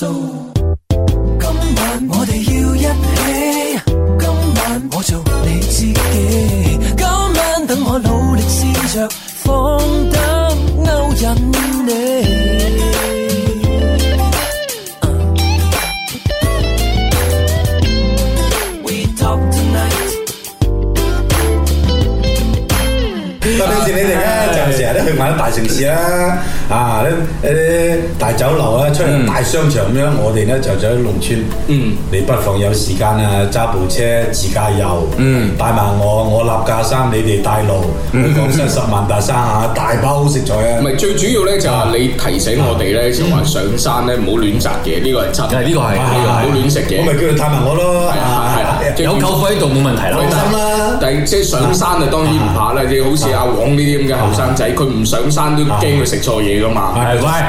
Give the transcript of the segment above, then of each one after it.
今晚我哋要一起，今晚我做你知己，今晚等我努力試着。去 埋大城市啦，啊，啊啲大酒樓啊，出嚟大商場咁樣，嗯、我哋咧就喺農村。嗯，你不妨有時間啊，揸部車自駕遊，嗯，帶埋我，我立架山，你哋帶路。嗯，真十萬大山啊，嗯、大把好食材啊。唔係最主要咧，就係你提醒我哋呢，就話上山咧唔好亂摘嘅，呢、呢個係是、啊、摘嘅，呢個係呢個係，唔好亂食嘅。我咪叫佢帶埋我，我咯，係係啦，啊啊啊、有舅父喺度冇問題啦。放心啦。但即上山就當然唔怕啦，你好似阿黃呢啲咁嘅後生仔，佢唔上山都驚佢食錯嘢㗎嘛。係，唔係？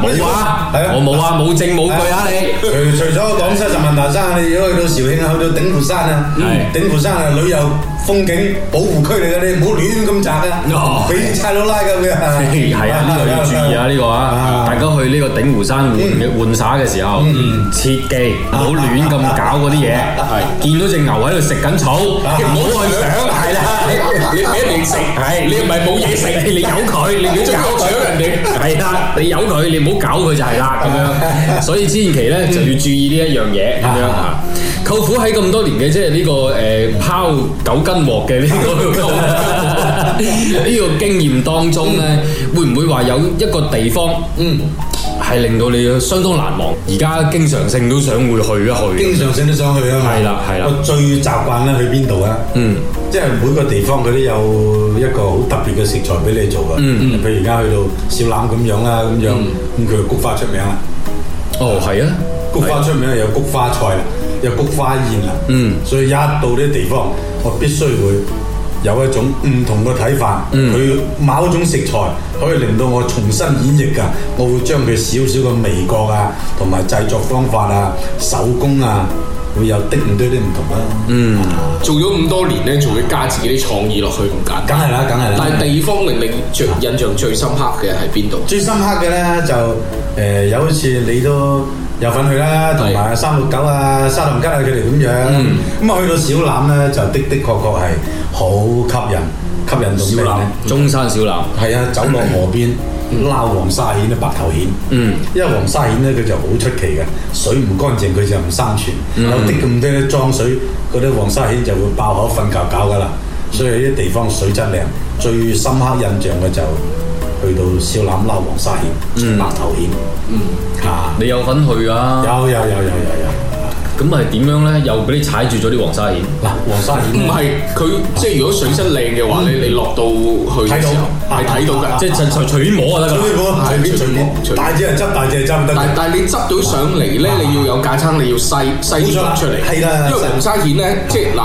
冇話，係啊，我冇啊，冇證冇據啊你。除除咗廣西就十萬大山，你如果去到肇慶去到鼎湖山啊，鼎湖山啊旅遊。風景保護區嚟嘅，你唔好亂咁摘噶，俾啲差佬拉噶佢。係啊，呢個要注意啊，呢個啊，大家去呢個鼎湖山玩玩耍嘅時候，切記唔好亂咁搞嗰啲嘢。係見到隻牛喺度食緊草，唔好去想。係啦，你你你食，係你唔係冇嘢食，你有佢，你你最好搶人哋。係啦，你有佢，你唔好搞佢就係啦，咁樣。所以千祈咧就要注意呢一樣嘢咁樣啊。舅父喺咁多年嘅即係呢個誒拋九斤鑊嘅呢個呢個經驗當中咧，會唔會話有一個地方嗯係令到你相當難忘？而家經常性都想會去一去，經常性都想去啊！係啦，係啦。我最習慣咧去邊度啊？嗯，即係每個地方佢都有一個好特別嘅食材俾你做㗎。嗯嗯。譬如而家去到小欖咁樣啊咁樣，咁佢嘅菊花出名啊。哦，係啊。菊花出名啊，有菊花菜，有菊花宴。所以一到啲地方，我必須會有一種唔同嘅睇法。嗯，佢某種食材可以令到我重新演繹㗎，我會將佢少少嘅味覺啊，同埋製作方法啊，手工啊。會有的唔多啲唔同啦、啊，嗯，做咗咁多年咧，仲會加自己啲創意落去咁解，梗係啦，梗係啦。但係地方令你印象最深刻嘅係邊度？最深刻嘅呢，就、呃、有一次你都有份去啦，同埋三六九啊、沙林街啊，佢哋咁樣，咁、嗯、去到小欖呢，就的的確確係好吸引。吸引到小欖，中山小欖，係啊，走落河邊撈黃沙蜆、白頭蜆。嗯、因為黃沙蜆咧，佢就好出奇嘅，水唔乾淨佢就唔生存。嗯、有啲咁多裝水，嗰啲黃沙蜆就會爆口瞓覺覺㗎喇。嗯、所以啲地方水質靚，最深刻印象嘅就去到小欖撈黃沙蜆、嗯、白頭蜆。嗯，嗯，你有份去㗎？有有有有有有。有有有有有有。咁係點樣咧？又俾你踩住咗啲黃沙蜆嗱，黃沙蜆唔係佢即係如果水質靚嘅話咧，你落到去嘅時候係睇到㗎，即係隨隨隨便摸就得㗎，隨便摸，隨便隨便大隻係執，大隻係執得。但係你執到上嚟咧，你要有架撐，你要細細啲執出嚟。係啦，因為黃沙蜆咧，即係嗱，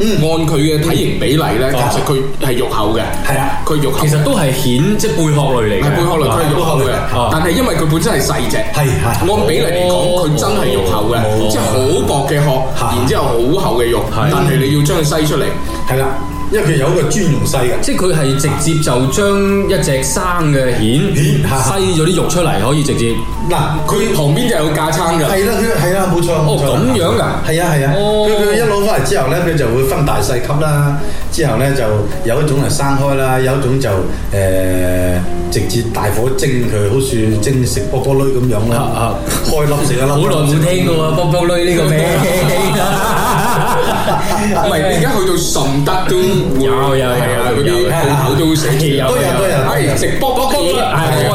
按佢嘅體型比例咧，其實佢係肉厚嘅。係啊，佢肉其實都係蜆，即係貝殼類嚟嘅。貝殼類佢係肉厚嘅，但係因為佢本身係細隻，係係。按比例嚟講，佢真係肉厚嘅，即係好。好薄嘅殼，然之後好厚嘅肉，的但係你要將佢篩出嚟，係啦。因為佢有一個專用細嘅，即係佢係直接就將一隻生嘅蜆蜆，蜆，批咗啲肉出嚟，可以直接。嗱嘆，佢旁邊就有架撐嘅，係啦，係啦，冇錯，冇錯哦，咁樣噶？係啊，係啊，佢佢、哦、一攞翻嚟之後咧，佢就會分大細級啦。之後咧就有一種係生開啦，有一種就誒、呃、直接大火蒸佢，好似蒸食卜卜儡咁樣啦、啊。啊啊，開粒食一粒，好耐冇 聽過啊卜卜儡呢個名。 唔係而家去到順德都有有有有嗰啲鋪頭都會食，都、嗯、有，係食卜卜卜卜，係啊，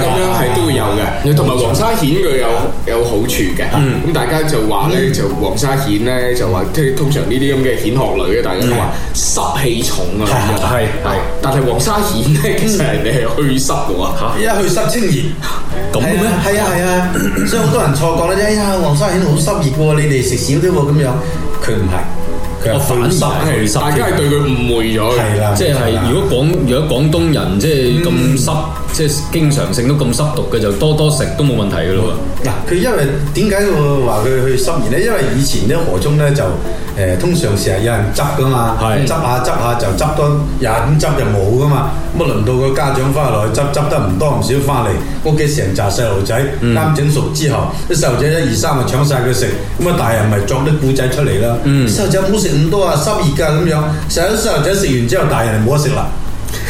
咁樣係都會、 uh, 有嘅。同埋黃沙蜆佢有對有好處嘅。咁大家就話咧，就黃沙蜆咧就話，即係通常呢啲咁嘅蜆殼類咧，大家都話濕氣重啊，係係，但係黃沙蜆咧其實係你係去濕嘅喎，一去濕清熱，咁啊係啊係啊，所以好多人錯覺咧，哎呀黃沙蜆好濕熱嘅喎，你哋食少啲喎咁樣。佢唔係，佢反白係濕，大家係對佢誤會咗。係啦，即係如果廣，如果廣東人即係咁濕。嗯即係經常性都咁濕毒嘅，就多多食都冇問題嘅咯。嗱，佢、嗯、因為點解會話佢去濕熱咧？因為以前咧河涌咧就、呃、通常成日有人執嘅嘛，執、嗯、下執下就執多，廿五執就冇嘅嘛。咁啊輪到個家長翻嚟執執得唔多唔少翻嚟，屋企成紮細路仔啱整熟之後，啲細路仔一二三就搶曬佢食，咁啊大人咪作啲故仔出嚟啦。細路仔唔好食咁多啊，濕熱㗎咁樣，成堆細路仔食完之後，大人就冇得食啦。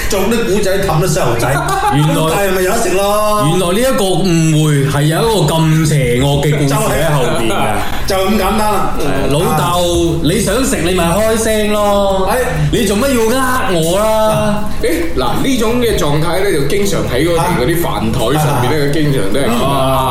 做啲古仔氹啲細路仔，原來係咪有得食咯。 原來呢一個誤會係有一個咁邪惡嘅故事喺後邊嘅， 就咁、是、 簡單啦。老豆，你想食你咪開聲咯。哎，呀啊、哎，你做乜要呃我啦？誒，嗱，呢種嘅狀態咧，就經常喺嗰時嗰啲飯台上邊咧，經常都係咁。啊啊啊啊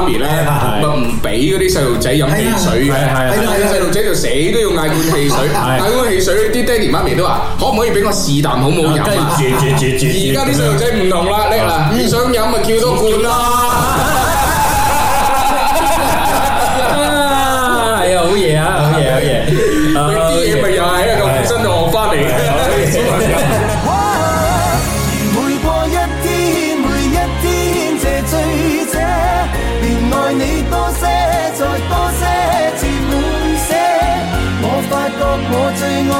媽咪咧，咪唔俾嗰啲細路仔飲汽水嘅，係啊，細路仔就死都要嗌罐汽水，嗌罐是、啊、汽水，啲是、啊、爹地媽咪都話，可唔可以俾我試啖好冇飲啊？而家啲細路仔唔同啦，呢個啦，唔想飲咪叫多罐啦。嗯嗯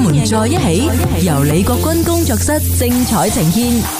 我們在一起，一起由李國君工作室精彩呈現。